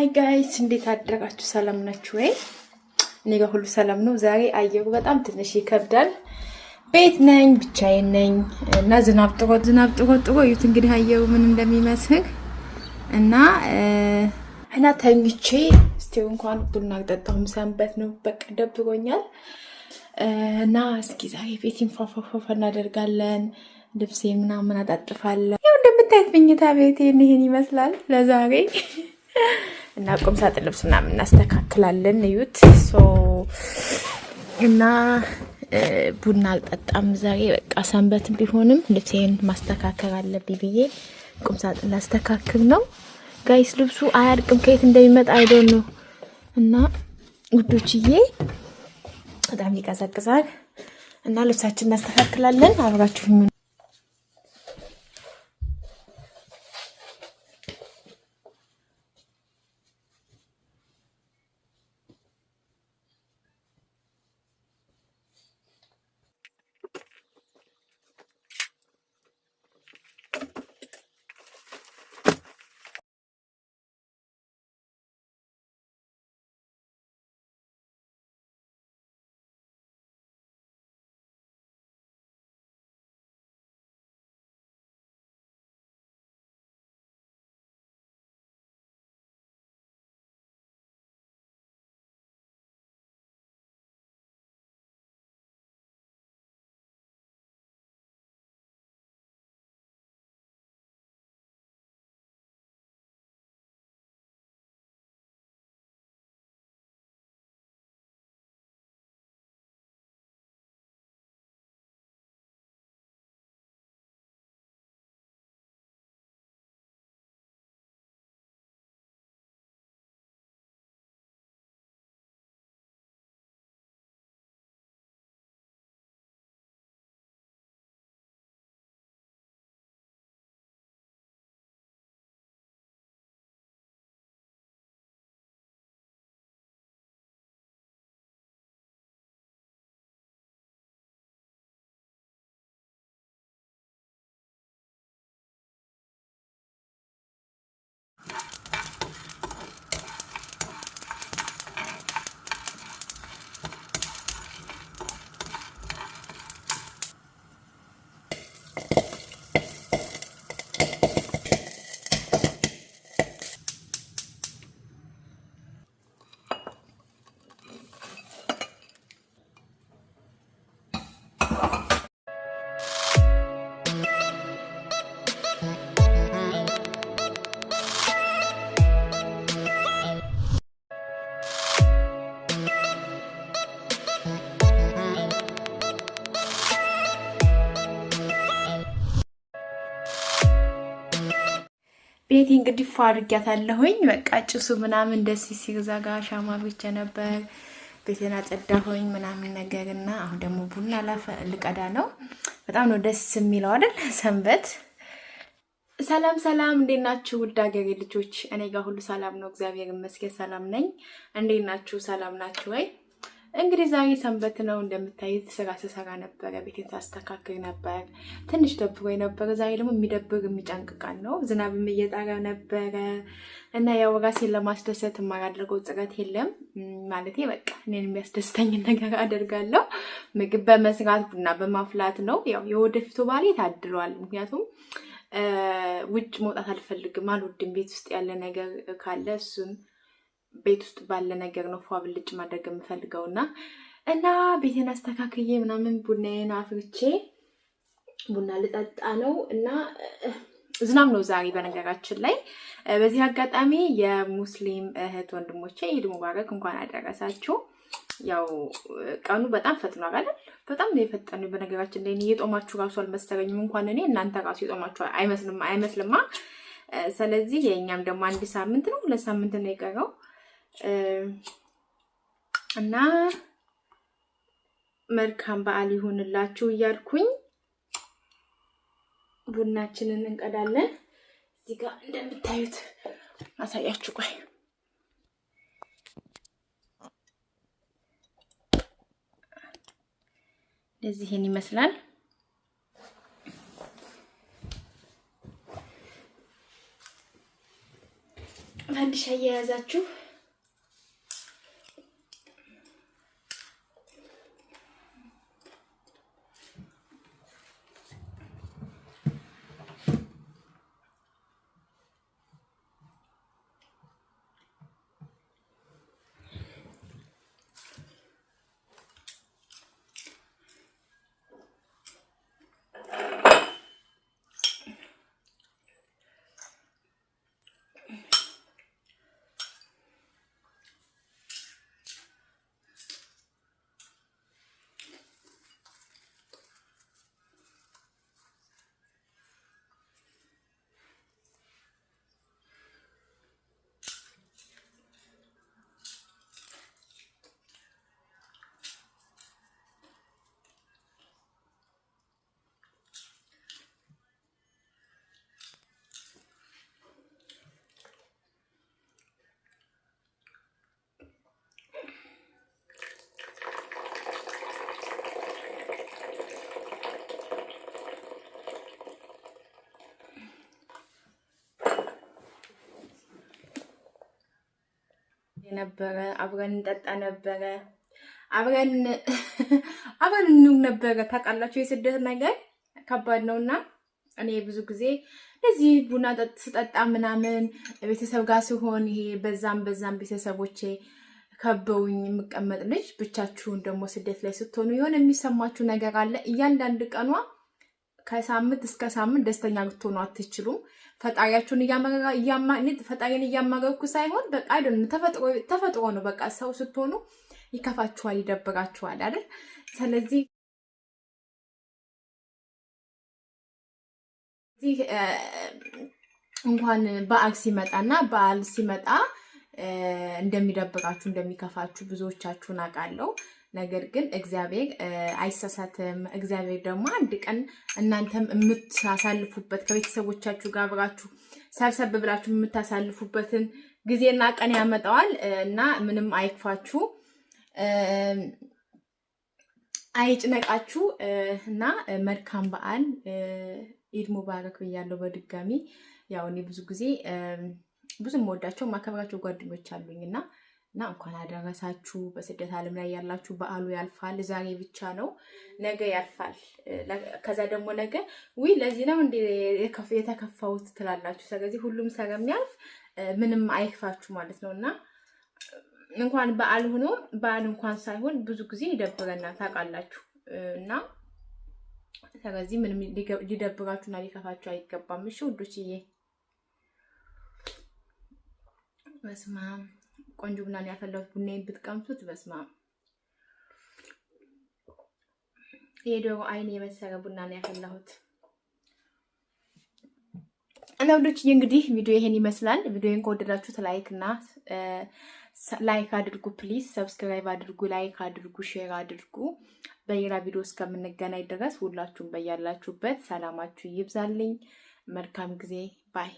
ሀይ ጋይስ እንዴት አደረጋችሁ? ሰላም ናችሁ ወይ? እኔ ጋር ሁሉ ሰላም ነው። ዛሬ አየሩ በጣም ትንሽ ይከብዳል። ቤት ነኝ፣ ብቻዬን ነኝ እና ዝናብ ጥሮ ዝናብ ጥሮ ጥሮ እዩት እንግዲህ አየሩ ምን እንደሚመስል እና እና ተኝቼ እስቴው እንኳን ቡና አልጠጣሁም። ሰንበት ነው በቃ ደብሮኛል። እና እስኪ ዛሬ ቤቴን ንፋፋፋፋ እናደርጋለን። ልብሴ ምናምን አጣጥፋለን። ያው እንደምታየት መኝታ ቤቴ ይህን ይመስላል ለዛሬ እና ቁም ሳጥን ልብስ ምናምን እናስተካክላለን። እዩት እና ቡና አልጠጣም ዛሬ በቃ ሰንበት ቢሆንም ልብሴን ማስተካከል አለብኝ ብዬ ቁም ሳጥን ላስተካክል ነው። ጋይስ ልብሱ አያልቅም ከየት እንደሚመጣ አይደው ነው እና ውዶችዬ በጣም ይቀዘቅዛል እና ልብሳችን እናስተካክላለን። አብራችሁ ቤቴ እንግዲህ ፏ በቃ ጭሱ ምናምን ደስ ሲል ጋር ሻማ ብቻ ነበር ቤቴን አጸዳሁኝ ምናምን ነገር እና አሁን ደግሞ ቡና ልቀዳ ነው። በጣም ነው ደስ የሚለው አይደል ሰንበት። ሰላም ሰላም፣ እንዴት ናችሁ ውድ ሀገሬ ልጆች? እኔ ጋር ሁሉ ሰላም ነው፣ እግዚአብሔር ይመስገን ሰላም ነኝ። እንዴት ናችሁ? ሰላም ናችሁ ወይ? እንግዲህ ዛሬ ሰንበት ነው። እንደምታዩት ስራ ስሰራ ነበረ፣ ቤቴን ሳስተካክል ነበር። ትንሽ ደብሮ ነበረ። ዛሬ ደግሞ የሚደብር የሚጨንቅ ቀን ነው። ዝናብም እየጣረ ነበረ እና ያው ራሴን ለማስደሰት የማላደርገው ጥረት የለም ማለት በቃ እኔን የሚያስደስተኝን ነገር አደርጋለሁ። ምግብ በመስራት ቡና በማፍላት ነው። ያው የወደፊቱ ባሌ ታድሏል። ምክንያቱም ውጭ መውጣት አልፈልግም፣ አልወድም። ቤት ውስጥ ያለ ነገር ካለ እሱን ቤት ውስጥ ባለ ነገር ነው ፏ ብልጭ ማድረግ የምፈልገው እና እና ቤቴን አስተካክዬ ምናምን ቡናዬን አፍርቼ ቡና ልጠጣ ነው እና ዝናብ ነው ዛሬ። በነገራችን ላይ በዚህ አጋጣሚ የሙስሊም እህት ወንድሞቼ ኢድ ሙባረክ እንኳን አደረሳችሁ። ያው ቀኑ በጣም ፈጥኖ አይደል? በጣም ነው የፈጠኑ። በነገራችን ላይ የጦማችሁ ራሱ አልመሰለኝም። እንኳን እኔ እናንተ ራሱ የጦማችሁ አይመስልም አይመስልማ። ስለዚህ የእኛም ደግሞ አንድ ሳምንት ነው ሁለት ሳምንት ነው የቀረው እና መልካም በዓል ይሁንላችሁ እያልኩኝ ቡናችንን እንቀዳለን። እዚህ ጋር እንደምታዩት ማሳያችሁ ቆይ እንደዚህ ይመስላል። ፈንድሻ እየያዛችሁ ነበረ። አብረን እንጠጣ ነበረ። አብረን አብረን እንውል ነበረ። ታውቃላችሁ የስደት ነገር ከባድ እና እኔ ብዙ ጊዜ እንደዚህ ቡና ስጠጣ ምናምን ቤተሰብ ጋር ሲሆን ይሄ በዛም በዛም ቤተሰቦቼ ከበውኝ የምቀመጥ ልጅ፣ ብቻችሁን ደግሞ ስደት ላይ ስትሆኑ የሆነ የሚሰማችሁ ነገር አለ። እያንዳንድ ቀኗ ከሳምንት እስከ ሳምንት ደስተኛ ልትሆኑ አትችሉም። ፈጣሪያችሁን ፈጣሪን እያማረኩ ሳይሆን በቃ አይደለም፣ ተፈጥሮ ነው። በቃ ሰው ስትሆኑ ይከፋችኋል፣ ይደብራችኋል አይደል? ስለዚህ እንኳን በዓል ሲመጣና በዓል ሲመጣ እንደሚደብራችሁ እንደሚከፋችሁ ብዙዎቻችሁን አውቃለሁ። ነገር ግን እግዚአብሔር አይሳሳትም። እግዚአብሔር ደግሞ አንድ ቀን እናንተም የምታሳልፉበት ከቤተሰቦቻችሁ ጋር አብራችሁ ሰብሰብ ብላችሁ የምታሳልፉበትን ጊዜና ቀን ያመጣዋል እና ምንም አይክፋችሁ፣ አይጭነቃችሁ እና መልካም በዓል ኢድ ሙባረክ ብያለሁ። በድጋሚ ያው እኔ ብዙ ጊዜ ብዙ የምወዳቸው ማከብራቸው ጓደኞች አሉኝ እና እና እንኳን አደረሳችሁ። በስደት ዓለም ላይ ያላችሁ በዓሉ ያልፋል። ዛሬ ብቻ ነው፣ ነገ ያልፋል። ከዛ ደግሞ ነገ ውይ ለዚህ ነው እንደ የተከፋሁት ትላላችሁ። ስለዚህ ሁሉም ስለሚያልፍ ምንም አይክፋችሁ ማለት ነው እና እንኳን በዓል ሆኖ በዓል እንኳን ሳይሆን ብዙ ጊዜ ይደብረናል ታውቃላችሁ። እና ስለዚህ ምንም ሊደብራችሁና ሊከፋችሁ አይገባም። እሺ ውዶችዬ፣ በስመ አብ ቆንጆ ቡና ነው ያፈላሁት። ቡናዬን ብትቀምሱት በስማ የዶሮ አይን የመሰለ ቡና ነው ያፈላሁት። እና ወንዶች እንግዲህ ቪዲዮ ይሄን ይመስላል። ቪዲዮን ከወደዳችሁት ላይክ እና ላይክ አድርጉ ፕሊዝ፣ ሰብስክራይብ አድርጉ፣ ላይክ አድርጉ፣ ሼር አድርጉ። በሌላ ቪዲዮ እስከምንገናኝ ድረስ ሁላችሁም በያላችሁበት ሰላማችሁ ይብዛልኝ። መልካም ጊዜ ባይ